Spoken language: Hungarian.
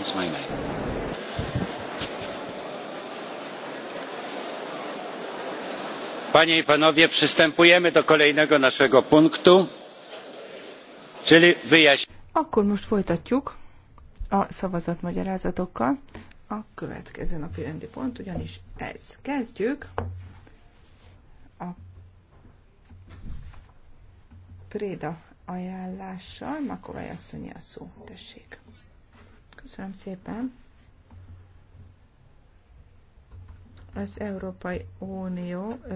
is my name. Panie i panowie, przystępujemy do kolejnego naszego punktu, czyli wyjaśnienie. Akkor most folytatjuk a szavazatmagyarázatokkal. A következő napi rendi pont ugyanis ez. Kezdjük a Préda ajánlással. Makovály asszonyi a szó. Tessék. Köszönöm szépen. Az Európai Unió